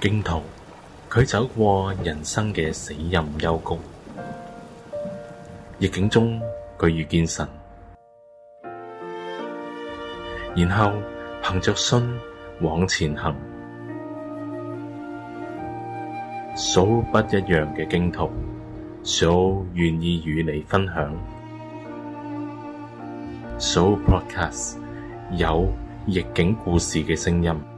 荊徒，佢走過人生嘅死蔭幽谷，逆境中佢遇見神，然後憑着信往前行。Sooo 不一樣嘅荊徒，Sooo 願意與你分享。SoooPodcast 有逆境故事嘅聲音。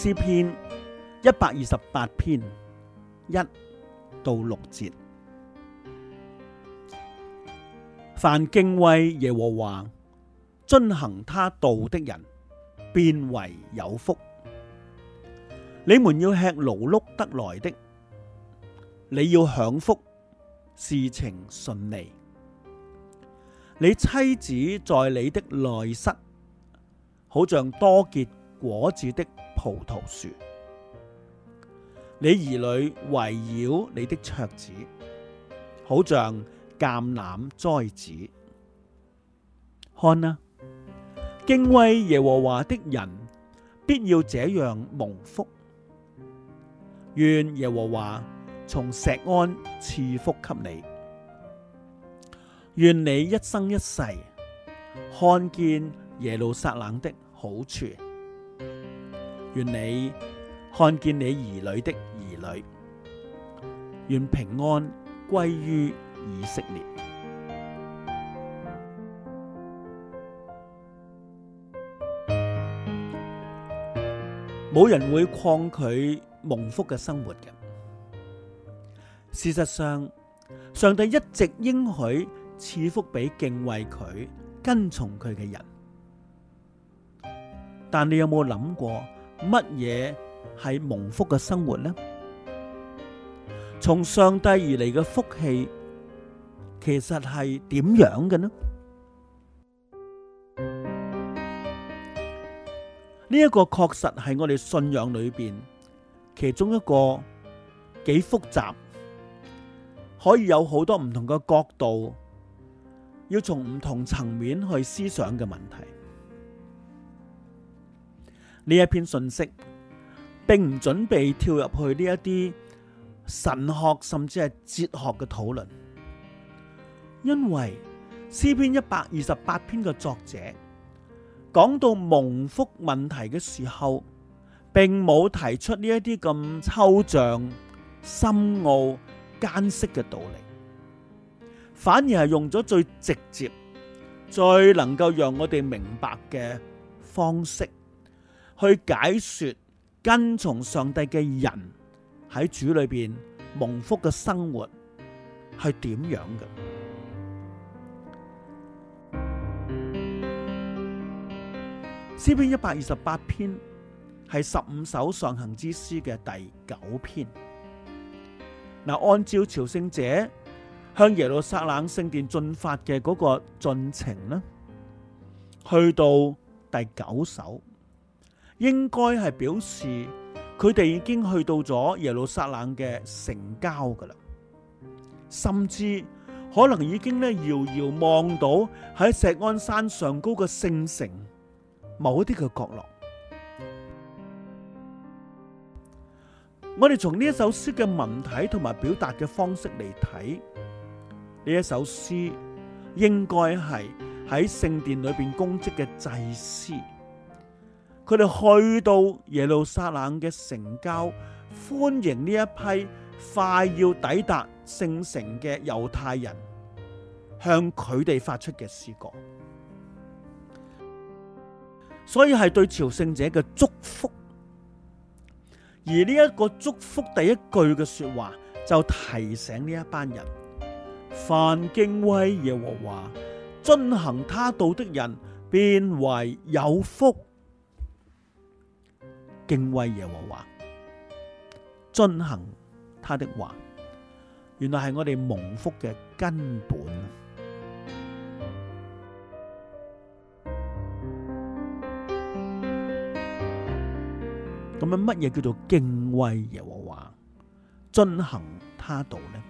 詩篇一百二十八篇，一到六節，凡敬畏耶和華、遵行他道的人，便為有福。你們要吃勞碌得來的，你要享福，事情順利。你妻子在你的內室，好像多結果子的。葡萄樹，你兒女圍繞你的桌子，好像橄欖栽子。看啊，敬畏耶和華的人，必要這樣蒙福。願耶和華從錫安賜福給你，願你一生一世看見耶路撒冷的好處。願你看見你兒女的兒女，願平安歸於以色列。冇人會抗拒蒙福嘅生活嘅。事實上，上帝一直應許賜福俾敬畏佢、跟從佢嘅人。但你有冇諗過？乜嘢係蒙福嘅生活呢？從上帝而嚟嘅福氣，其實係點樣嘅呢？呢一個確實係我哋信仰裏邊其中一個幾複雜，可以有好多唔同嘅角度，要從唔同層面去思想嘅問題。呢一篇信息，並唔準備跳入去呢一啲神學甚至係哲學嘅討論，因為詩篇一百二十八篇嘅作者講到蒙福問題嘅時候，並冇提出呢一啲咁抽象、深奧、艱澀嘅道理，反而係用咗最直接、最能夠讓我哋明白嘅方式。去解說跟從上帝嘅人喺主裏邊蒙福嘅生活係點樣嘅？詩篇一百二十八篇係十五首上行之詩嘅第九篇。嗱，按照朝聖者向耶路撒冷聖殿進發嘅嗰個進程呢，去到第九首。應該係表示佢哋已經去到咗耶路撒冷嘅城郊㗎喇，甚至可能已經呢遙遙望到喺石安山上高嘅聖城某一啲嘅角落。我哋從呢一首詩嘅文體同埋表達嘅方式嚟睇，呢一首詩應該係喺聖殿裏邊供職嘅祭司。佢哋去到耶路撒冷嘅城郊，歡迎呢一批快要抵達聖城嘅猶太人，向佢哋發出嘅詩歌。所以係對朝聖者嘅祝福。而呢一個祝福第一句嘅說話，就提醒呢一班人，凡敬畏耶和華、遵行他道的人，變為有福。敬畏耶和華，遵行他的話，原來係我哋蒙福嘅根本。咁樣乜嘢叫做敬畏耶和華，遵行他道呢？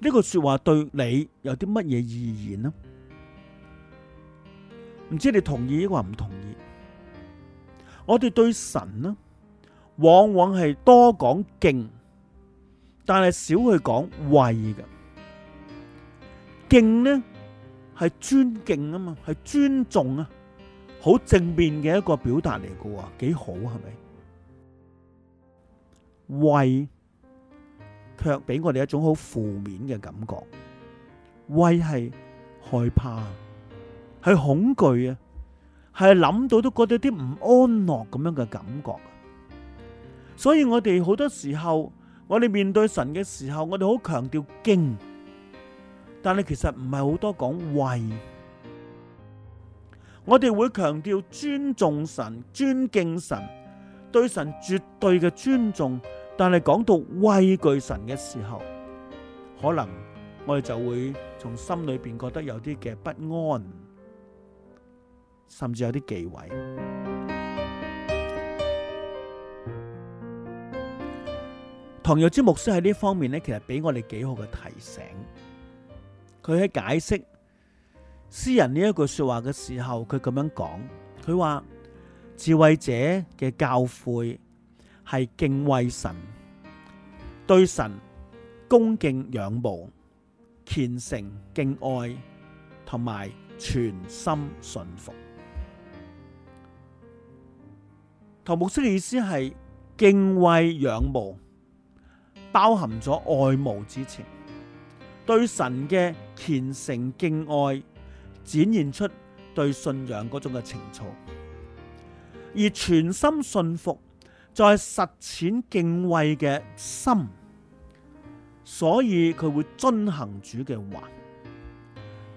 呢句說話對你有啲乜嘢意義呢？唔知你同意抑或唔同意？我哋對神呢，往往係多講敬，但係少去講畏嘅。敬呢係尊敬啊嘛，係尊重啊，好正面嘅一個表達嚟嘅，幾好係咪？畏卻俾我哋一種好負面嘅感覺，畏係害怕，係恐懼啊。係諗到都覺得有啲唔安樂咁樣嘅感覺，所以我哋好多時候，我哋面對神嘅時候，我哋好強調敬，但係其實唔係好多講畏。我哋會強調尊重神、尊敬神，對神絕對嘅尊重，但係講到畏懼神嘅時候，可能我哋就會從心裏邊覺得有啲嘅不安。甚至有啲忌諱。唐若之牧師喺呢方面呢，其實俾我哋幾好嘅提醒。佢喺解釋詩人呢一句說話嘅時候，佢咁樣講：佢話智慧者嘅教誨係敬畏神，對神恭敬仰慕，虔誠敬敬愛同埋全心信服。求目色嘅意思係敬畏仰慕，包含咗愛慕之情，對神嘅虔誠敬愛，展現出對信仰嗰種嘅情操，而全心信服，就係實踐敬、敬畏嘅心，所以佢會遵行主嘅話，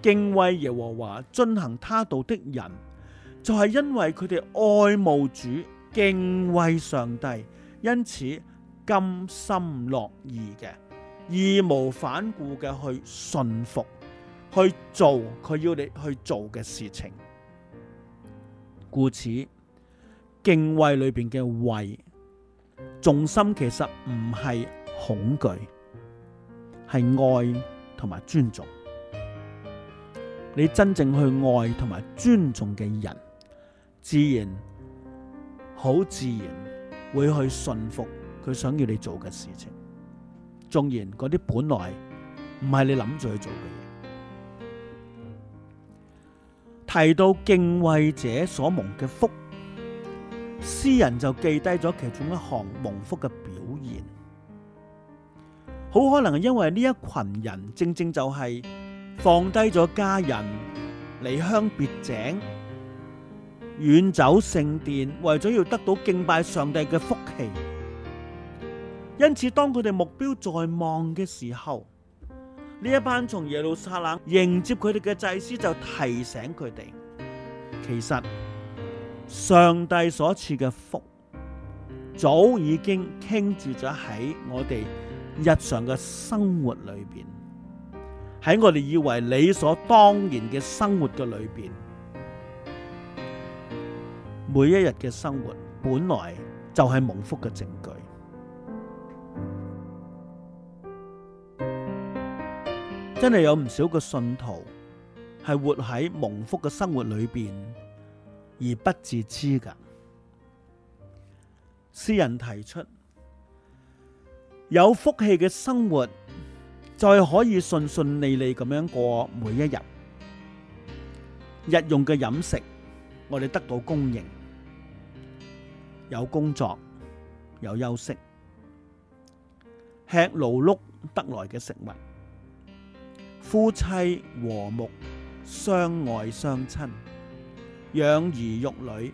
敬畏耶和華，遵行他道的人，就係、是，因為佢哋愛慕主。敬畏上帝，因此甘心樂意嘅、義無反顧嘅去信服，去做佢要你去做嘅事情。故此，敬畏裏邊嘅畏重心其實唔係恐懼，係愛同埋尊重。你真正去愛同埋尊重嘅人，自然，好自然會去信服佢想要你做嘅事情，縱然嗰啲本來唔係你諗住去做嘅嘢。提到敬畏者所蒙嘅福，詩人就記低咗其中一項蒙福嘅表現。好可能係因為呢一群人，正正就係放低咗家人，離鄉別井。遠走聖殿，為咗要得到敬拜上帝嘅福氣。因此，當佢哋目標在望嘅時候，呢一班從耶路撒冷迎接佢哋嘅祭司就提醒佢哋：其實上帝所賜嘅福，早已經傾注咗喺我哋日常嘅生活裏邊，喺我哋以為理所當然嘅生活嘅裏邊。每一日嘅生活本來就係蒙福嘅證據，真係有唔少嘅信徒係活喺蒙福嘅生活裏邊而不自知㗎。詩人提出有福氣嘅生活就可以順順利利咁樣過每一日，日用嘅飲食我哋得到供應。有工作，有休息，吃勞碌得來嘅食物，夫妻和睦，相愛相親，養兒育女，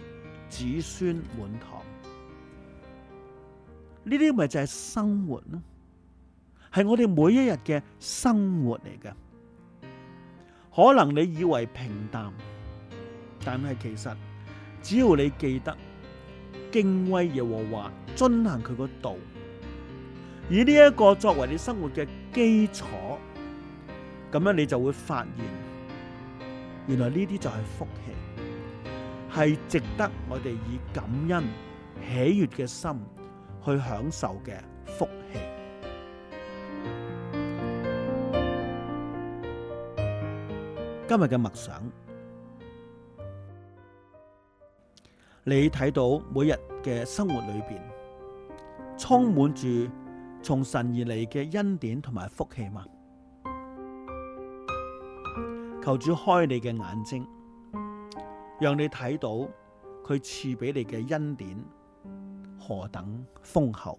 子孫滿堂，呢啲咪就係生活咯，係我哋每一日嘅生活嚟嘅。可能你以為平淡，但係其實只要你記得。敬畏耶和華，遵行佢個道，以呢一個作為你生活嘅基礎，咁樣你就會發現，原來呢啲就係福氣，係值得我哋以感恩、喜悅嘅心去享受嘅福氣。今日嘅默想。你睇到每日嘅生活裏邊充滿住從神而來嘅恩典同埋福氣嗎？求主開你嘅眼睛，讓你睇到佢賜俾你嘅恩典何等豐厚。